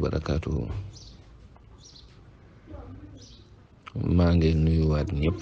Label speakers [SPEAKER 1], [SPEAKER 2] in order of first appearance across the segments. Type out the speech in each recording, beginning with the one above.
[SPEAKER 1] barakaatu maa ngi nuyuwaat ñépp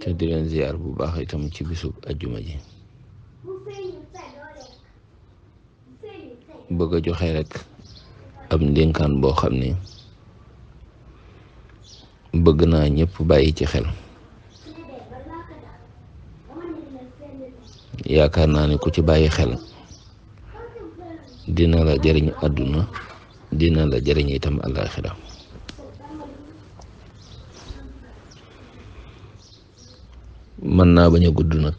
[SPEAKER 1] te di leen bu baax itam ci bisub ajjuma ji bëgg a joxe rek ab ndénkaan boo xam bëgg naa ñëpp bàyyi ci xel yaakaar naa ni ku ci bàyyi xel dina la jëriñ àdduna dina la jariñ itam àllaaxira mën naa bañ a gudd nag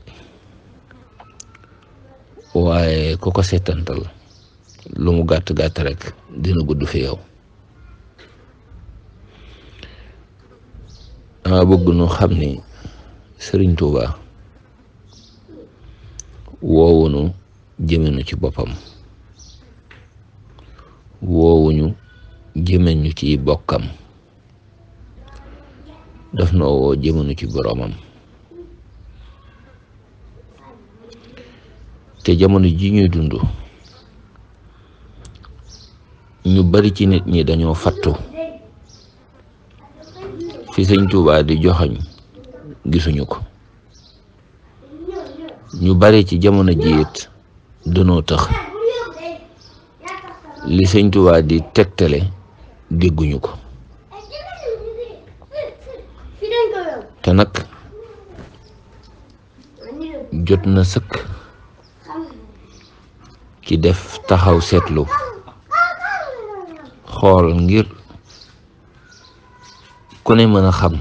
[SPEAKER 1] waaye ku ko seetantal lu mu gàtt gàtt rek dina gudd fi yow. dama bëgg nu xam ni sëriñ Tuuba woowunu jëmenu ci boppam woowuñu jëmenu ci bokkam def noo woo jëmenu ci boroomam te jamono ji ñuy dund ñu bari ci nit ñi dañoo fattu fi sëñ Tuubaa di joxañ gisuñu ko ñu bare ci jamono jiit dunoo tëx li sëñ Tuubaa di tegtale dégguñu ko te nag jot na sëkk ci def taxaw seetlu xool ngir ku ne mën a xam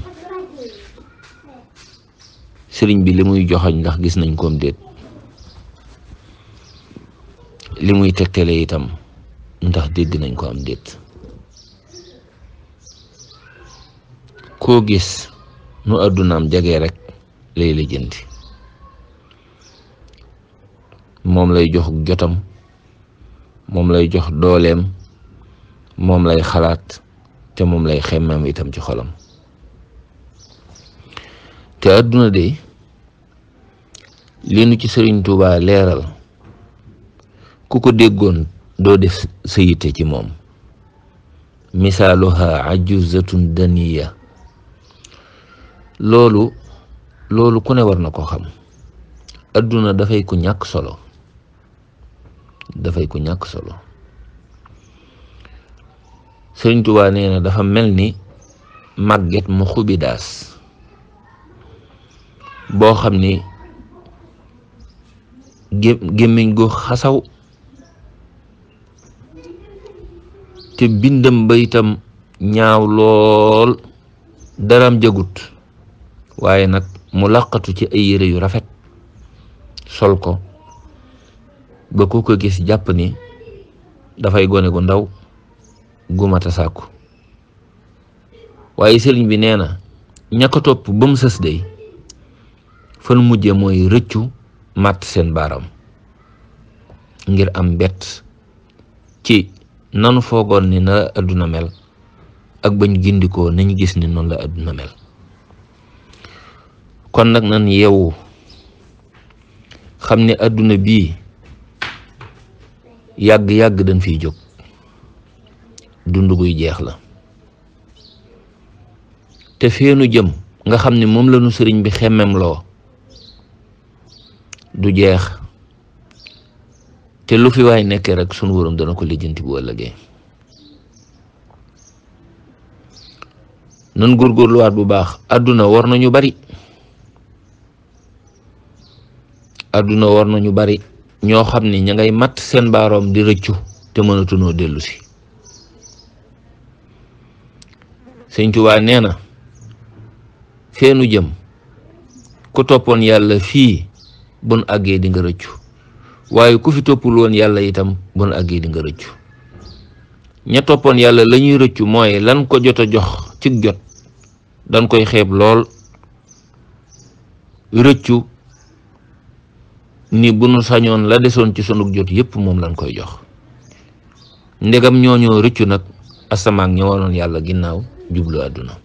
[SPEAKER 1] sëriñ bi li muy joxoñ ndax gis nañ koom déet li muy tegtale itam ndax dégg nañ ko am déet koo gis nu àddunaam jege rekk lay la moom lay jox jotam moom lay jox dooleem moom lay xalaat te moom lay xemmeem itam ci xolam te adduna de li nu ci sëriñ Tuuba leeral ku ko déggoon doo def sa yitte ci moom misaaluha ajuzatun daniya loolu loolu ku ne war na ko xam adduna dafay ku ñàkk solo dafay ku ñàkk solo sëriñ Tuuba nee dafa mel ni màgget mu xubi daas boo xam ni gémmiñ gu xasaw te bindam ba itam ñaaw lool daram jagut waaye nag mu laqatu ci ay yére yu rafet sol ko ba ku ko gis jàpp ni dafay gone gu ndaw gumata sàkku waaye sëriñ bi nee na ña ko topp fan mujje mooy rëccu màtt seen baaram ngir am mbett ci nanu foogoon ni na la àdduna mel ak bëñ gindikoo nañu gis ni noonu la àdduna mel kon nag nan yeewu xam ne àdduna bii yàgg-yàgg dañ fiy jóg dund guy jeex la te feenu jëm nga xam ne moom lanu sëriñ bi xemmem loo du jeex te lu fi waay nekkee rek sunu borom dana ko lijjanti bu ëllëgee nan góorgóorluwaat bu baax àdduna war nañu bari àdduna war na ñu bari ñoo xam ni ña ngay mat seen baaroom di rëccu te mënatunoo dellusi si Sëñ Tuubaa nee na feenu jëm ku toppoon yàlla fii bon àggee di nga rëccu waaye ku fi toppul woon yàlla itam bon àggee dinga rëccu ña toppoon yàlla la ñuy rëccu mooy lan ko jot a jox ci jot dañ koy xeeb lool rëccu ni bu nu sañoon la desoon ci sunu jot yépp moom lañ koy jox ndegam ñoo ñooñoo rëccu nag asamaan ña yàlla ginnaaw jublu àdduna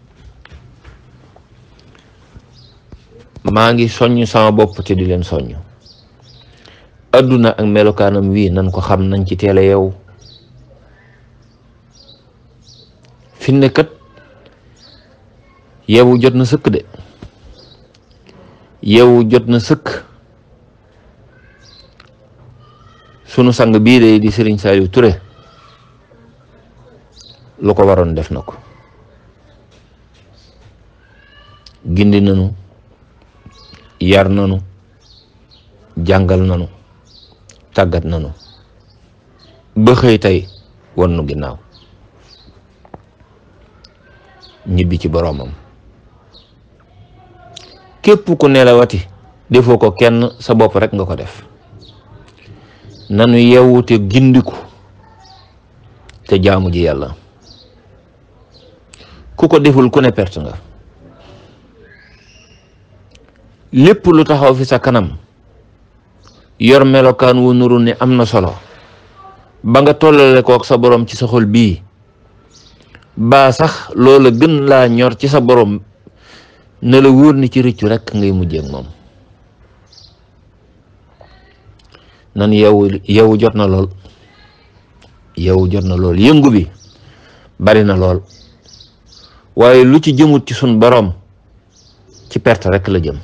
[SPEAKER 1] maa ngi soññ sama bopp te di leen soññ adduna ak melokaanam wii nan ko xam nañ ci teele a yow fi ne kat yewu jot na sëkk de yewu jot na sëkk sunu sang bii de di Serigne Saliou Touré lu ko waroon def na ko gindi nanu yar nanu jàngal nanu tàggat nanu ba xëy tey wan nu ginnaaw ñibbi ci boroomam képp ku nelawati defoo ko kenn sa bopp rekk nga ko def nanu yeewu te gindiku te jaamu ji yàlla ku ko deful ku ne perte nga lépp lu taxaw fi sa kanam yor melokaan wu nuru ni am na solo ba nga tollale kook sa boroom ci sa xol bii baa sax loola gën laa ñor ci sa borom ne la wóor ni ci rëccu rekk ngay mujjeek moom nan yow yow jot na lool yow jot na lool yëngu bi bari na lool waaye lu ci jëmut ci sun boroom ci perte rekk la jëm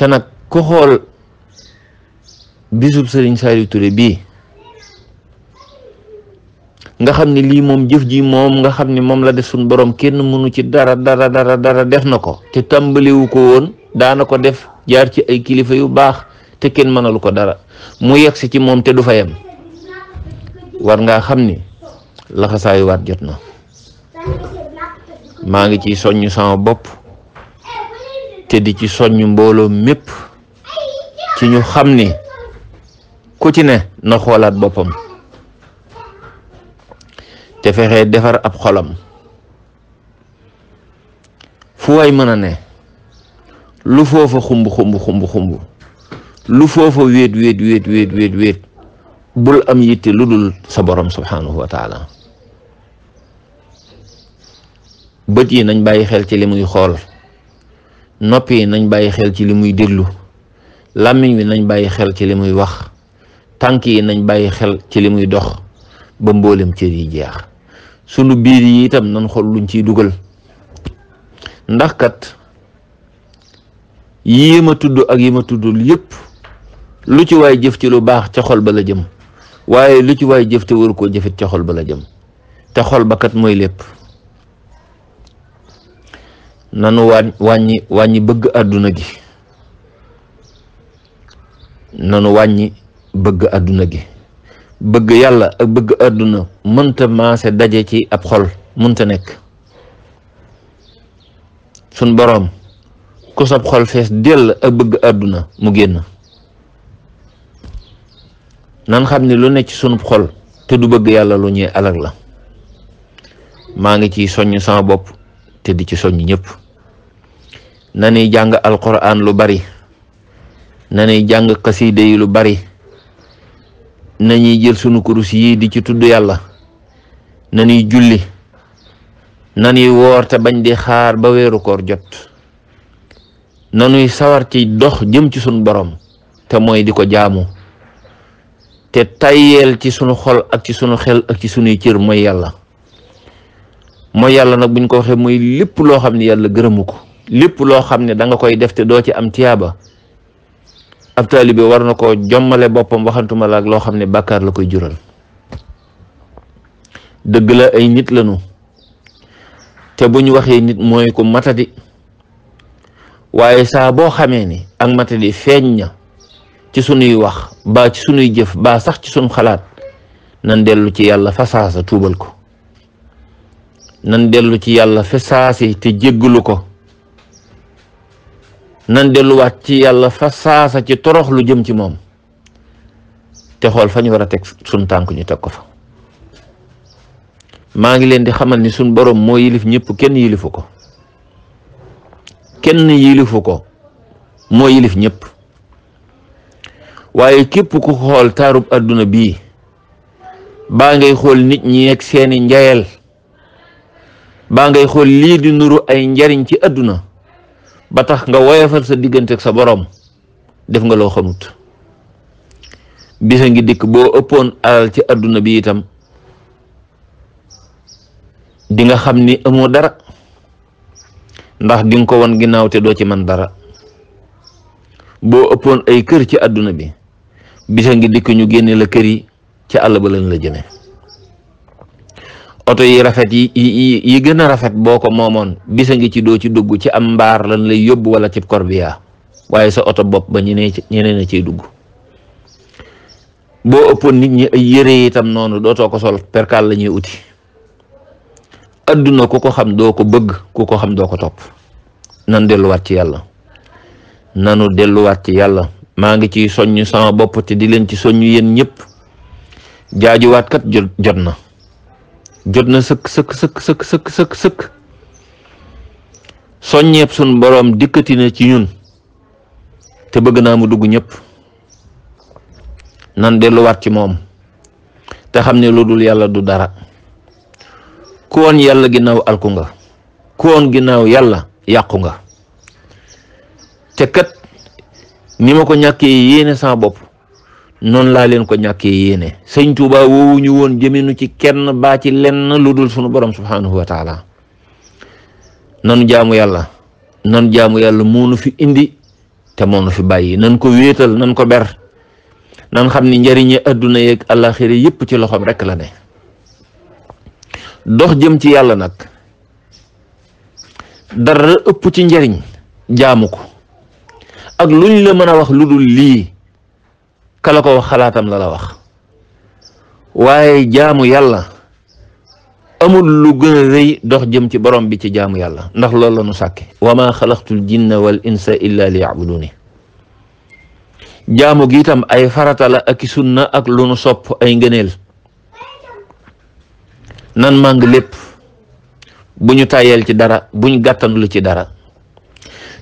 [SPEAKER 1] te nag ku xool bisub Sëriñ Saliou ture bii nga xam ni lii moom jëf ji moom nga xam ni moom la def suñ boroom kenn mënu ci dara dara dara def na ko te tàmbaliwu ko woon daana ko def jaar ci ay kilifa yu baax te kenn mënalu ko dara mu yegsi ci moom te du fa yem war ngaa xam ni laxasaayu waat jot na maa ngi ci soññ sama bopp te di ci soññ mbooloo mépp ci ñu xam ni ku ci ne na xoolaat boppam te fexe defar ab xolam fu waay mën a ne lu foofa xumb xumb xumb xumb lu foofa wéet wéet wéet wéet wéet wéet bul am yitte lu dul sa boroom subhanahu wa bët yi nañ bàyyi xel ci li muy xool nopp yi nañ bàyyi xel ci li muy déglu làmmiñ wi nañ bàyyi xel ci li muy wax tànk yi nañ bàyyi xel ci li muy dox ba mboolem cër yi jeex sunu biir yi itam nañ xool luñ ciy dugal ndax kat yii ma tudd ak yi ma tuddul yépp lu ci waay jëf ci lu baax ca xol ba la jëm waaye lu ci waay jëf te waru koo jëfit ca xol ba la jëm te xol ba kat mooy lépp nanu wàññ wàññi wàññi bëgg àdduna gi nanu wàññi bëgg àdduna gi bëgg yàlla ak bëgg àdduna mënta maase daje ci ab xol mënta nekk sun boroom ku sab xol fees dell ak bëgg àdduna mu génn nan xam ne lu nekk ci sunub xol te du bëgg yàlla lu ñuy alag la maa ngi ci soññ sama bopp te di ci soññ ñëpp na nuy jàng alquran lu bari na nuy jàng xaside yi lu bari na nañuy jël sunu kurus yi di ci tudd yàlla na nuy julli na nuy woor te bañ di xaar ba weeru koor jot na nuy sawar ci dox jëm ci sunu borom te mooy di ko jaamu te tayyeel ci sunu xol ak ci sunu xel ak ci sunuy cër mooy yàlla mooy yàlla nag buñ ko waxee mooy lépp loo xam ne yàlla gërëmu ko lépp loo xam ne danga koy defte doo ci am tiyaaba ab taalibe war na ko jommale boppam waxantuma la ak loo xam ne bàkkaar la koy jural dëgg la ay nit lañu te bu ñu waxee nit mooy ku matadi waaye saa boo xamee ni ak matadi feeñ na ci sunuy wax baa ci sunuy jëf baa sax ci sunu xalaat nan dellu ci yàlla fasaasa tuubal ko nan dellu ci yàlla fa saasi te jéggalu ko nan delluwaat ci yàlla fa saasa ci torox lu jëm ci moom te xool fa ñu war a teg sun tànk ñu teg ko fa maa ngi leen di xamal ni sun boroom moo yilif ñëpp kenn yilifu ko kenn yilifu ko moo yilif ñëpp waaye képp ku xool taarub àdduna bii baa ngay xool nit ñi ak seeni njayal baa ngay xool lii di nuru ay njariñ ci àdduna ba tax nga woyofal sa diggante ak sa boroom def nga loo xamut bisa ngi dikk boo ëppoon alal ci àdduna bi itam di nga xam ni amoo dara ndax di nga ko won ginnaaw te doo ci man dara boo ëppoon ay kër ci àdduna bi bisa ngi dikk ñu génne la kër yi ci àll ba lañ la jëme oto yi rafet yi yi gën a rafet boo ko moomoon bisa ngi ci doo ci dugg ci am mbaar lan lay yóbbu wala cib corbillard waaye sa oto bopp ba ñeneen ñeneen a ciy dugg boo ëppoon nit ñi ay yëre yitam noonu dootoo ko sol perkaal la ñuy uti adduna ku ko xam doo ko bëgg ku ko xam doo ko topp nan delluwaat ci yàlla nanu delluwaat ci yàlla maa ngi ci soñ sama bopp te di leen ci soññ yéen ñëpp jaajuwaat kat jot na jot na sëkk sëkk sëkk sëkk sëkk sëkk sëkk soññeeb sun boroom dikkati na ci ñun te bëgg naa mu dugg ñëpp nan delluwaat ci moom te xam ne lu dul yàlla du dara ku woon yàlla ginnaaw alku nga ku woon ginnaaw yàlla yàqu nga te kat ni ma ko ñàkkee yéene sama bopp noonu laa leen ko ñàkkee yéene sëñ Tuuba woowu woon jëminu ci kenn baa ci lenn lu dul sunu borom subhanahu wa taala nanu jaamu yàlla nan jaamu yàlla moonu fi indi te moonu fi bàyyi nan ko wéetal nan ko ber nan xam ni njariñe adduna yeeg àllaaxira yépp ci loxoom rekk la ne dox jëm ci yàlla nag dara ëpp ci njariñ jaamu ko ak luñ la mën a wax lu dul lii kala ko wax xalaatam la la wax waaye jaamu yàlla amul lu gën a dox jëm ci borom bi ci jaamu yàlla ndax loolu la nu sàkke wa ma xalaqtul jinna wal insa illa li yabuduni jaamu gi itam ay faratala la ak sunna ak lu nu sopp ay ngëneel nan màng lépp buñu ñu ci dara bu ñu gàttanlu ci dara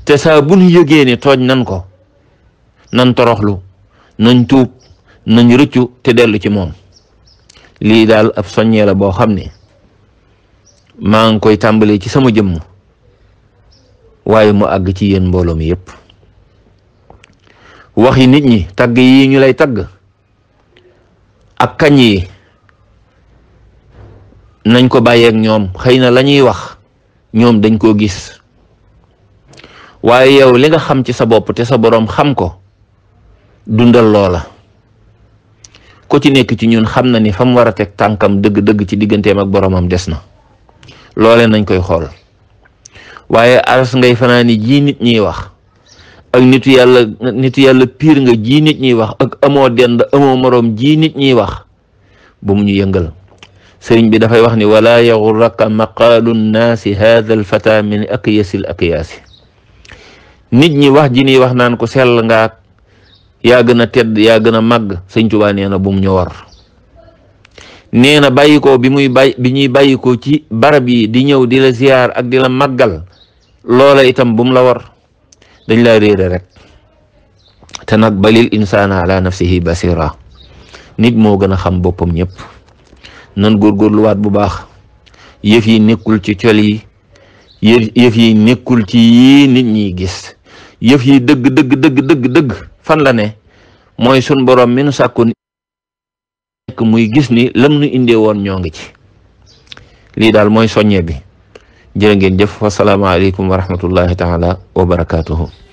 [SPEAKER 1] te saa bu ñu ni tooñ nan ko nan toroxlu nañ tuub nañ rëccu te dellu ci moom lii daal ab soññee la boo xam ne maa ngi koy tàmbalee ci sama jëmm waaye mu àgg ci yéen mbooloo mi yépp waxi nit ñi tagg yi ñu lay tagg ak kañ yi nañ ko bàyyeek ñoom xëy na la ñuy wax ñoom dañ koo gis waaye yow li nga xam ci sa bopp te sa boroom xam ko dundal loola ko ci nekk ci ñun xam na ni fa mu war a teg tànkam dëgg-dëgg ci digganteem ak boroomam des na loole nañ koy xool waaye aras ngay fanaa ni ji nit ñiy wax ak nit yàlla piir nga ji nit ñiy wax ak amoo dend amoo moroom ji nit ñiy wax ba mu ñu yëngal sëriñ bi dafay wax ni wala yaxurraka maqaalu nnaasi haada alfata min aqyasil aqyaasi nit ñi wax ji niy wax naan ko sell ngaak yaa gën a tedd yaa gën a màgg sëñ Tuubaa nee na bu mu ñu war nee na bàyyi bi muy bàyyi ñuy bàyyi ci barab yi di ñëw di la ziyaar ak di la màggal loola itam bu mu la war dañ la réere rek te nag balil insaana ala nafsihi basira nit moo gën a xam boppam ñëpp nan góorgóorluwaat bu baax yëf yi nekkul ci col yi yëf yi nekkul ci yii nit ñiy gis yëf yi dëgg dëgg dëgg dëgg fan la ne mooy sun boroom minu nu sàkkoon muy gis ni lam nu indee woon ñoo ngi ci lii daal mooy soññe bi jërë ngeen jëf wasalaamaaleykum wa rahmatullahi taala wa barakaatuhu